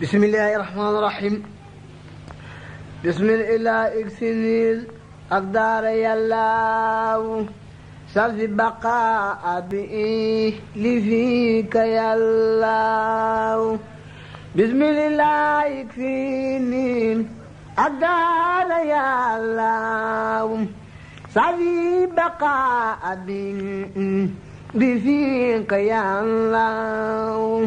بسم الله الرحمن الرحيم بسم الله اكسنيل أقدار يلاو سلف بقاء بإيه لفيك يلاو بسم الله اكسنيل أقدار يلاو سلف بقاء بإيه لفيك يلاو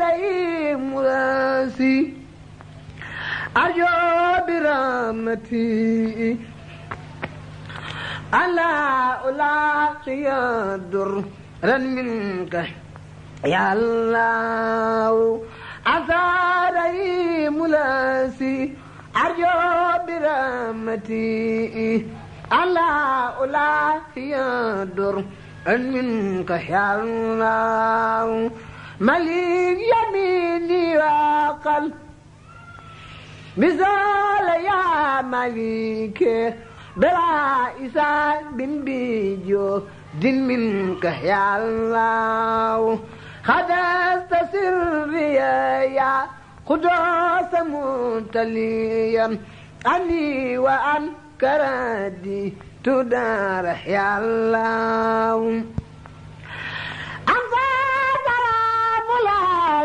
داري مراسي أرجو برامتي ألا ألاقي درا منك يا الله أثاري ملاسي أرجو برامتي ألا ألاقي درا منك يا الله مليك يميني وقل مثال يا مليك بلا إسان بن بيجو دين منك يا الله خدست سري يا قدوس متليا أني وأن كردي تدار يا الله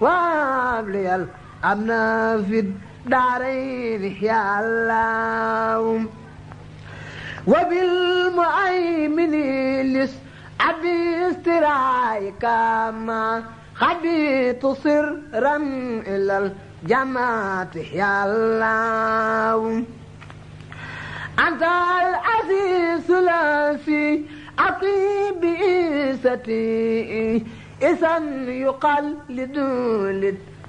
وابلي الأمن في الدارين يا الله وبالمؤمن لس أبي استرايك ما خبيت سرا إلى الجماعة يا الله أنت العزيز لا في أطيب إيستي isan yuqallidu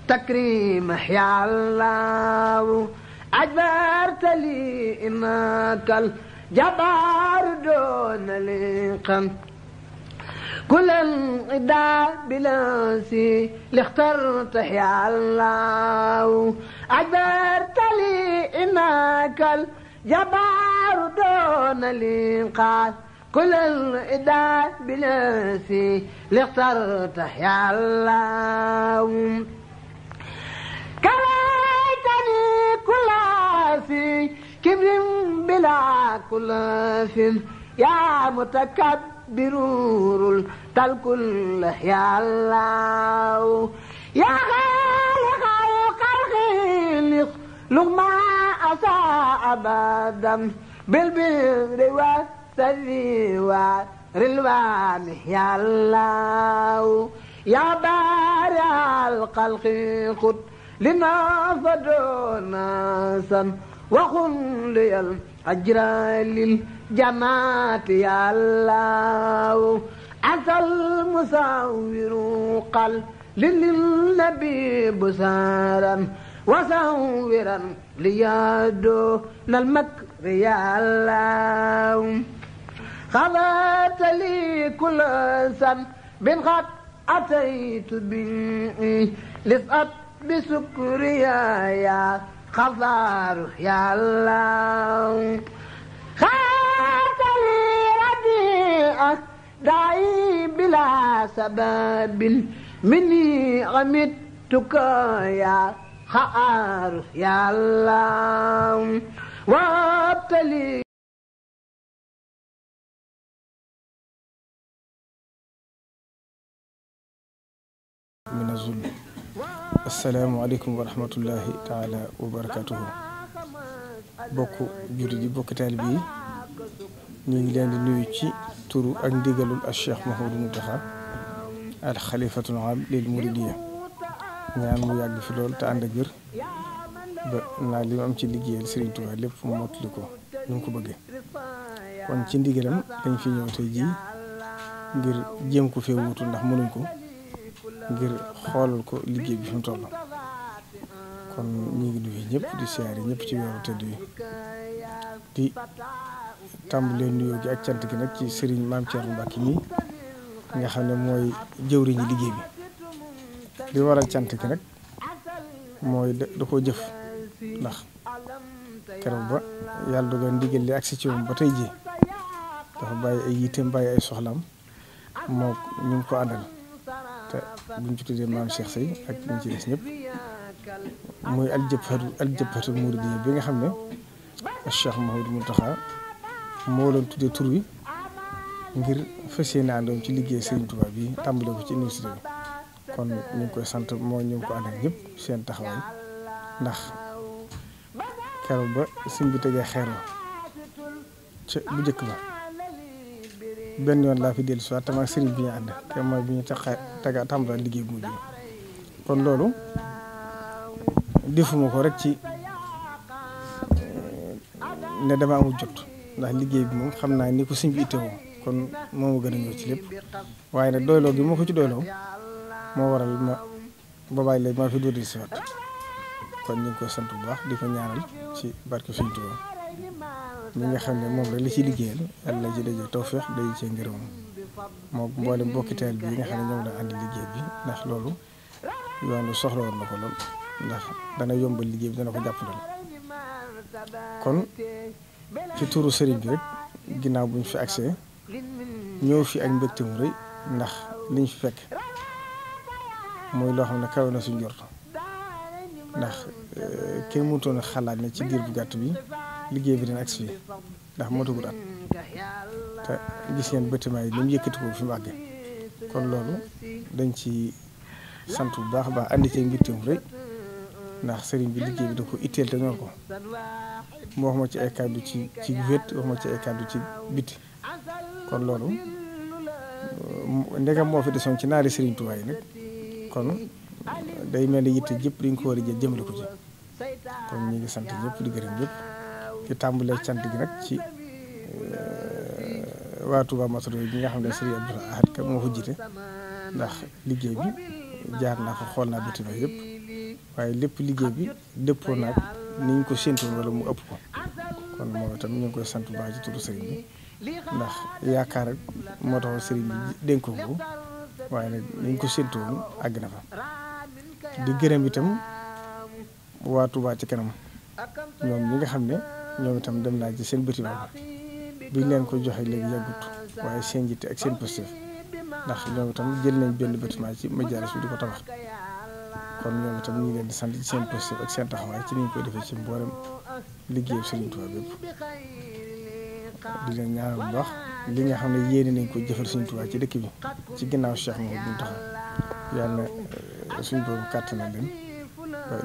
للتكريم يا الله أجبرت لي إنك الجبار دون لقم كل الإداء بلاسي لاخترت يا الله أجبرت لي إنك الجبار دون لقم كل الإداء بنفسي لاخترته يا الله كرهتني كل في كبر بلا كل في يا متكبر تل كل يا الله يا خالق الخلق لغما أساء أبدا بالبر والبر مقتدي ورلوان يا الله يا بارع الخلق خذ لنا فدونا سن وخن لي الأجر للجماعة يا الله أنت المصور قل للنبي بصارا وصورا ليادو المكر يا الله خلات لي كل سن من قد أتيت به لسأت بسكريا يا خضار يا الله خلات لي رديئك دعي بلا سبب مني عمدتك يا خار يا الله وابتلي min azul asalaamualeykum wa rahmatullahi taala bokk jullit yi bokk taalibe yi ñu ngi leen di nuyu ci turu ak ndigalul al cheikh Mouhamadou Mountakha al xalifatul aam lil mu yàgg fi lool te ànd ak wér ba naa li mu ci liggéeyal Serigne Touba lépp mu ko nu mu ko bëggee kon ci ndigalam dañ fi ñëw tey jii ngir jéem ko ndax mënuñ ko ngir xoolal ko liggéey bi fi mu la kon ñu ngi nuyu ñëpp di siyaare ñëpp ci weeru tëdd yi di tàmbalee nuyoo gi ak cant gi nag ci sëriñ Maam Thierno Mbacké mi nga xam ne mooy jëwriñ liggéey bi li waral cant gi nag mooy da koo jëf ndax keroog ba yàlla dogal ndigal li agsi ci moom ba tey ji dafa bàyyi ay yitteem bàyyi ay soxlaam moo ñu ko àndal. buñ ci tuddee maam Cheikh Seye ak ñi ci des ñëpp mooy aljabhatu aljabhatu bi nga xam ne Cheikh Mouhamadou Mountakha moo doon tuddee tur wi ngir fas yéene àndoon ci liggéey Serigne Touba bi tàmbale ko ci université kon mu ngi koy sant moo ñu ko ànd ak seen taxawaay ndax keroog ba suñ bi tegee xeer la ca bu njëkk ba. benn yoon laa fi dellu si waat te bi ñu ànd te mooy bi ñu taxa taga tàmbali liggéey bu kon loolu defuma ko rek ci eh, ne dama mu jot ndax liggéey bi moom xam naa ni ko sëñ bi itteewoo kon moo gën a ñëw ci lépp waaye nag doyloo gi moo ko ci doyloo moo waral ma boobaay léegi maa fi dóor di si waat kon ñu koy sant bu baax di ñaanal ci barke Sëriñ Tuubaa mi nga xam ne moom rek la ci liggéeyal yàlla na ci daje tawféex day cee ngërëm moom mboolem bokkiteel bi nga xam ne ñoom la àndi liggéey bi ndax loolu yoonu soxla woon na ko lool ndax dana yomba liggéey bi dana ko jàppandal kon ci tuuru sëriñ bi rek ginnaaw buñ fi agsee ñëw fi ak mbégte mu rëy ndax liñ fi fekk muy loo xam ne kawe na suñ jort ndax eh, kenn mënutoon xalaat ne ci diir bu gàtt bi liggéey bi dina agsi fii ndax motagul at te gis ngeen bâtiment yi ni mu yëkkati ko fi mu àggee kon loolu dañ ci sant bu baax a baax andi cee ngir rek ndax sëriñ bi liggéey bi da ko itteel te ñor ko mu wax ma ci ay kàddu ci ci wét wax ma ci ay kàddu ci biti kon loolu euh, ndegam moo fi desoon ci naari sëriñ Tuubaa yi nag kon day mel ni yitte jëpp dañ ko war a jël jëmale ko ci kon ñu ngi sant ñëpp di gërëm ñëpp. ci tàmbalee cant gi nag ci euh, waa Touba Masoro bi nga xam ne Serigne Abdou Ahad Ka moo ko jiite ndax liggéey bi jaar naa ko xool naa bitim yëpp waaye lépp liggéey bi dëppoo naag ni ñu ko séntu mu ëpp ko kon ñu koy sant bu baax ci turu Serigne bi ndax yaakaar ak moo taxoon Serigne bi dénkoo ko waaye nag ni ñu ko séntu woon na fa di gërëm itam waa Touba ci kanam ñoom ñi nga xam ne. ñoom itam dem naa ci seen bâtiment bi ñu leen ko joxe léegi yàggut waaye seen jitte ak seen positif ndax ñoom itam jël nañ benn bâtiment ci majaalis bi di ko tabax kon ñoom itam ñu leen di sant ci seen positif ak seen taxawaay ci ni ñu defee ci mboolem liggéeyu Serigne Touba bépp di leen ñaanal bu li nga xam ne yéene nañ ko jëfal Serigne Touba ci dëkk bi ci ginnaaw Cheikh Mouhamed bu taxaw yàlla suñ boobu kàttan na leen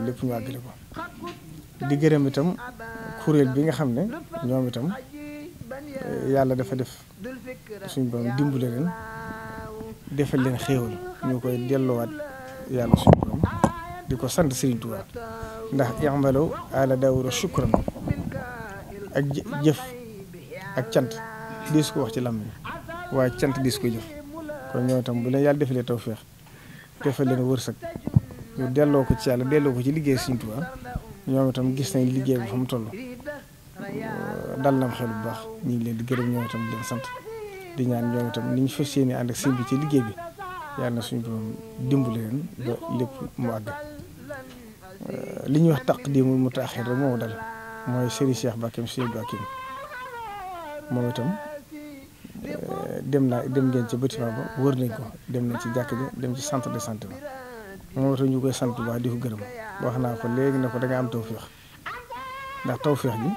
lépp ñu àggale ko di gërëm itam kuréel bi nga xam ne ñoom itam yàlla dafa def suñ borom dimbale leen defal leen xéewal ñu koy dellowaat yàlla suñu borom di ko sant Serigne Touba ndax i'malu ala Daawuda ak jëf ak cant diis ko wax ci làmmiñ waaye cant diis ko jëf kon ñoom itam bu leen yàlla defalee tawféex defal leen wërsëg ñu delloo ko ci yàlla delloo ko ci liggéey Serigne Touba ñoom itam gis nañ liggéey bi fa mu toll dal na xel bu baax ñu ngi leen di gërëm ñoom itam di leen sant di ñaan ñoom itam ni ñu fas yéene ànd ak sëñ bi ci liggéey bi yàlla na suñu borom dimbali leen ba lépp mu àgg euh, li ñuy wax taqdimul mutaaxir rek moo dal mooy Serigne Cheikh Bakim Cheikh Bakim moom itam euh, dem naa dem ngeen ci bâtiment ba wër nañ ko dem nañ ci jàkka ja dem ci centre de santé ba moom itam ñu koy sant bu baax di ko gërëm wax naa ko léegi ne ko da nga am tawféex ndax tawféex bi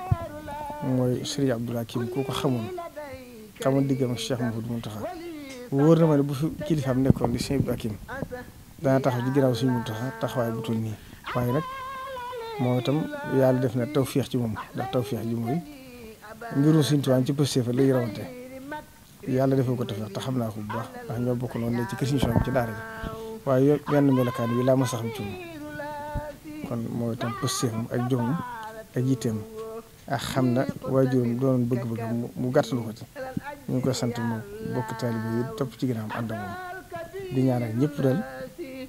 mooy Serigne Abdoul Hakim ku ko xamoon xamoon diggam ak Cheikh Mouhamadou Mountakha wóor na ma ne bu fi kilifaam nekkoon di Serigne Abdoul Hakim dana taxaw ci ginnaaw Serigne Mountakha taxawaay bu toll nii waaye nag moom itam yàlla def na tawféex ci moom ndax tawféex ji mooy mbirum Serigne ci pëstee fa lay rawante yàlla defoo ko tawféex te xam naa ko bu baax ndax ñoo bokk noonu ne ci kër Serigne ci daara ji waaye benn melokaan bi laa ma saxam ci moom kon mooy itam pëstee ak jomam ak yitteem ak xam na waajuram doon bëgg-bëgg mu gàttalu ko ci ñu ngi koy sant moom bokk taalibe yi topp ci ginnaawam ak doomam di ñaan ak ñëpp daal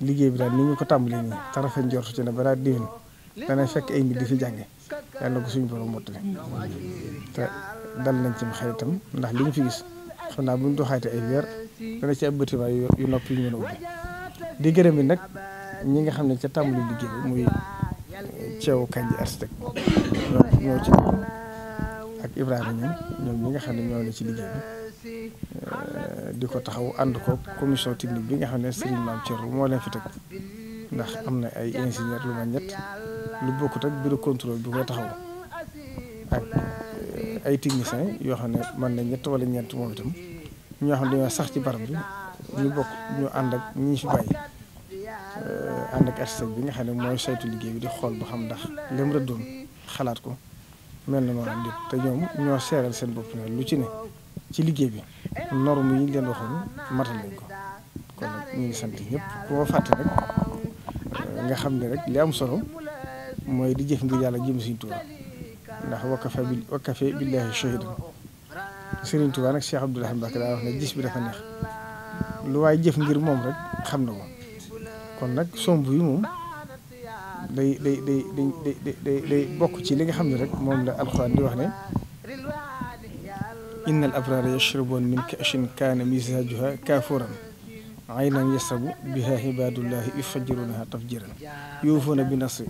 liggéey bi daal ni ñu ko tàmbalee nii te rafet njortu ci ne balaa déwén dana fekk ay di fi jànge yàlla ko suñu borom mottali te dal nañ ci xaritam ndax li ñu fi gis xam naa bu ñu doxaatee ay weer dana ci ab bâtiment yu nopp yu mën a ubbi di gërëm bi nag ñi nga xam ne ca tàmbali liggéey bi muy Ceew Kanji architecte ñoom ak Ibrahima ñoom ñoom ñi nga xam ne ñoo ne ci liggéey bi euh, di ko taxaw ànd ko commission technique bi nga xam ne Serigne Mame Thierno moo leen fi teg ndax am na ay ingénieur lu ma ñett lu bokkut ak bureau contrôle bi ko taxaw ak euh, ay techniciens yoo xam ne mën na ñett wala ñeent moom itam ñoo xam ne dañoo sax ci barab bi ñu bokk ñu ànd ak ñi fi bàyyi. ànd ak architecte bi nga xam ne mooy saytu liggéey bi di xool ba xam ndax lim rëddoon xalaat ko mel na noonu lépp te ñoom ñoo seeral seen bopp ne lu ci ne ci liggéey bi norme yi ñu leen waxoon matal nañ ko kon nag ñu ngi sant ñëpp boo fàtte rek euh, nga xam ne rek li am solo mooy di jëf ngir yàlla jëm Sëriñ Tuubaa ndax wakafa bi wakafa billaahi shahidan Sëriñ Tuubaa nag Cheikh Abdoulaye Mbacke daa wax ne gis bi dafa neex lu waaye jëf ngir moom rek xam na ko. kon nag somb bi moom day day day day bokk ci li nga xam ne rek moom la alxuraan di wax ne innal abraara yashrabuun min ka'sin kaana mizaajuha kaafuuran aynan yashrabu biha ibaadullahi yufajjiruunaha bi nasri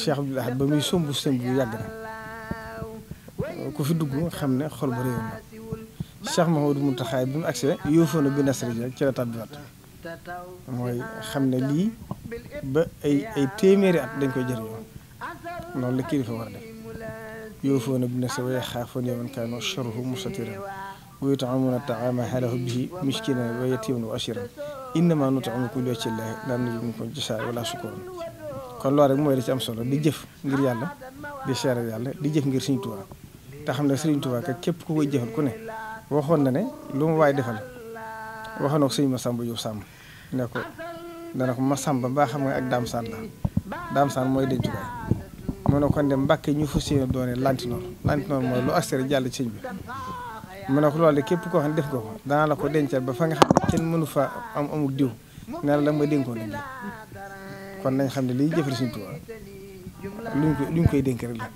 Cheikh Abdoul Ahad ba muy somb somb yu dugg xam ne xol ba réew na Cheikh Mahamadou bi mu agsee yuufuuna bi nasri ja ci la tàbbiwaat mooy ah, xam ne lii ba ay ay téeméeri at dañ koy jëriñoo noonu la kilifa war a def yuufuuna bin-nazri wa yaxaafuuna yawman kaana sharruhu mustatira wa yut'imuuna at-ta'aama 'alaa hubbihi miskiinan wa yatiiman wa asiiran innamaa nut'imukum li wajhi llaahi laa nuriidu minkum jazaa'an wa kon loolu rek mooy li ci am solo di jëf ngir yàlla di seeral yàlla di jëf ngir Sëriñ Tuubaa te xam ne Sëriñ Tuubaa kat képp ku koy jëfal ku ne waxoon na ne lu mu waay defal. wax na ko sëñ Masamba Diop Samb ne ko dana ko Masamba mbaa xam nga ak Dame Sane la Dame Sane mooy dencukaay mu ne kon de mbàkke ñu fas yéene doone lantinoor lantinoor mooy lu accès jàll ci bi mu ne ko loolu képp koo xam ne def ko danaa la ko dencal ba fa nga xam ne kenn mënu fa am amul diw ne la ma dénkoon lañ kon nañ xam ne liy jëfal suñu Tuubaa luñ ko koy dénk rek la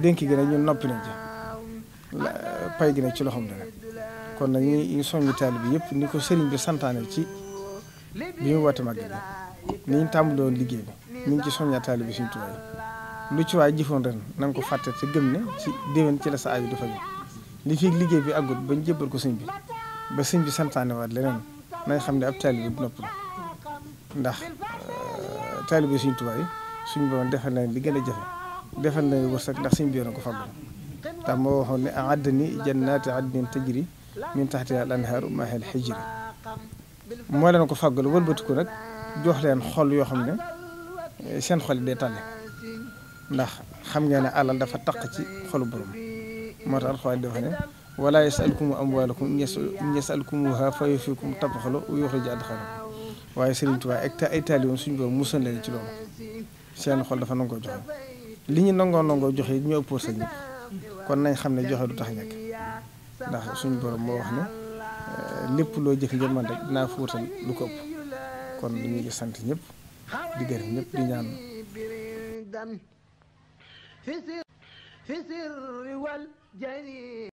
dénk gi nag ñu noppi nañ ci pay gi nag ci loxoom la kon nag ñu ñu bi yëpp ni ko sëriñ bi santaane ci bi mu woote màggal ni ñu tàmbalee liggéey bi ñu ngi ci soññaa taalibe bi suñu tubaab lu ci waay jëfoon ren ko fàtte te gëm ne ci déwén ci la sa aay li fi liggéey bi àggut ba ñu ko sëñ bi ba sëñ bi santaane waat leneen nañ xam ne ab taalibe bi nopp ndax euh, taalibe suñu tubaab yi suñu borom defal nañ li gën a jafe defal nañ wërsëg ndax suñu bi yoon a fàggoon ndax moo waxoon ne a'adda ni jannaati adnin min taxtiha al anhaaru maaha al hijri moo leen ko fàggalu wëlbatiku rek jox leen xol yoo xam ne eh, seen xol yi day tàlle ndax xam ngeen ne alal dafa taq ci xolu borom moo tax alxuraan di wax ne wala yasalkum amwaalakum in yasalkumuha fa yufikum tabxalu wa yuxrij adxaalakum waaye Sëriñ Tuubaa ak ta ay taaliyoon suñu borom musal leen ci loolu seen xol dafa nangoo joxe li ñu nangoo nangoo joxe ñoo ëppoor sa ñëpp kon nañ xam ne joxe du tax ñàkk ndax suñu borom moo wax ne eh, lépp loo jëf ngeen man rek dinaa fóotal lu ko ëpp kon ñu ngi sant ñëpp di gërëm ñëpp di ñaan في